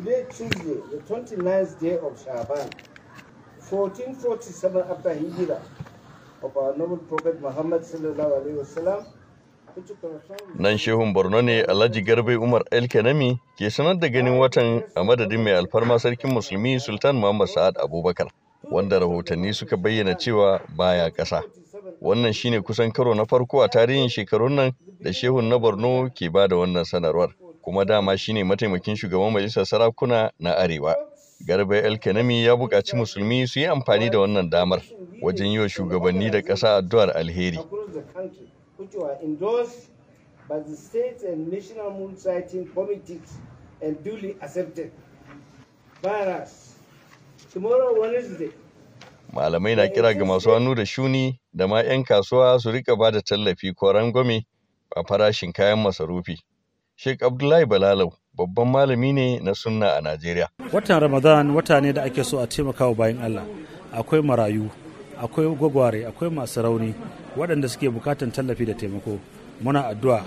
Today, Tuesday, the 29th day of Shaban, 1447 after hijra of our noble Prophet Muhammad sallallahu alaihi wasallam, Nan shehun Borno ne Alhaji Garbai Umar El Kanami ke sanar da ganin watan a madadin mai alfarma sarkin musulmi Sultan Muhammad Sa'ad Abubakar, wanda rahotanni suka bayyana cewa baya ƙasa. Wannan shine kusan karo na farko a tarihin shekarun nan da shehun na Borno ke ba da wannan sanarwar. kuma dama shine mataimakin shugaban majalisar sarakuna na arewa garba elkanami ya buƙaci musulmi su yi amfani da wannan damar wajen yi wa shugabanni da ƙasa addu'ar alheri malamai na kira ga masu hannu da shuni da ma 'yan kasuwa su rika ba da tallafi ko rangwame a farashin kayan masarufi Sheikh Abdullahi Balalau babban malami ne na sunna a Najeriya. Watan Ramadan wata ne da ake so a taimaka wa bayan Allah. Akwai marayu, akwai gwagware, akwai masu rauni waɗanda suke bukatan tallafi da taimako. Muna addu'a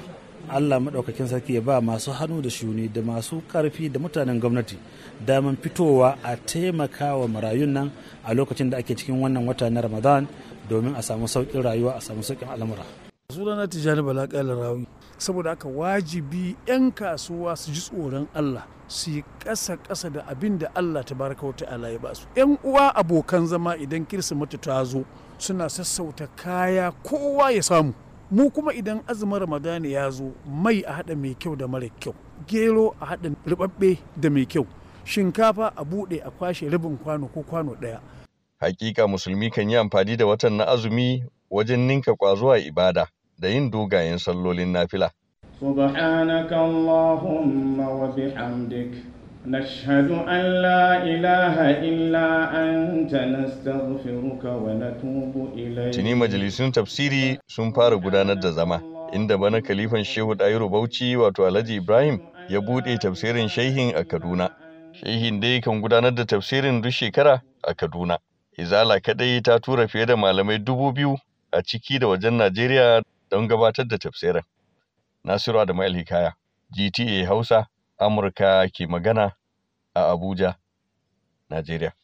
Allah maɗaukakin sarki ya ba masu hannu da shuni da masu ƙarfi da mutanen gwamnati daman fitowa a taimaka wa marayun nan a lokacin da ake cikin wannan wata na Ramadan domin a samu sauƙin rayuwa a samu sauƙin al'amura. Sunana Tijjani Bala Ƙailar Rawi. saboda haka wajibi 'yan kasuwa su ji tsoron Allah su yi ƙasa ƙasa da abin da Allah ta baraka wata ala ya basu yan uwa abokan zama idan kirsimeti ta zo suna sassauta kaya kowa ya samu mu kuma idan azumin ramadani ya zo mai a haɗa mai kyau da mara kyau gero a haɗa ribabbe da mai kyau shinkafa a buɗe a kwashe rabin kwano ko kwano ɗaya hakika musulmi kan yi amfani da watan na azumi wajen ninka kwazo a ibada da yin dogayen sallolin nafila. Subhanaka Allahumma wa bihamdik nashhadu an la ilaha illa anta nastaghfiruka wa natubu ilayk. Tuni majalisun tafsiri sun fara gudanar da zama inda bana kalifan Shehu Dairo Bauchi wato Alhaji Ibrahim ya bude tafsirin shehin a Kaduna. Shehin dai kan gudanar da tafsirin duk shekara a Kaduna. Izala kadai ta tura fiye da malamai dubu biyu a ciki da wajen Najeriya don gabatar da tafsirin. Nasiru Adamu Hikaya, GTA Hausa, Amurka ke magana a Abuja, Najeriya.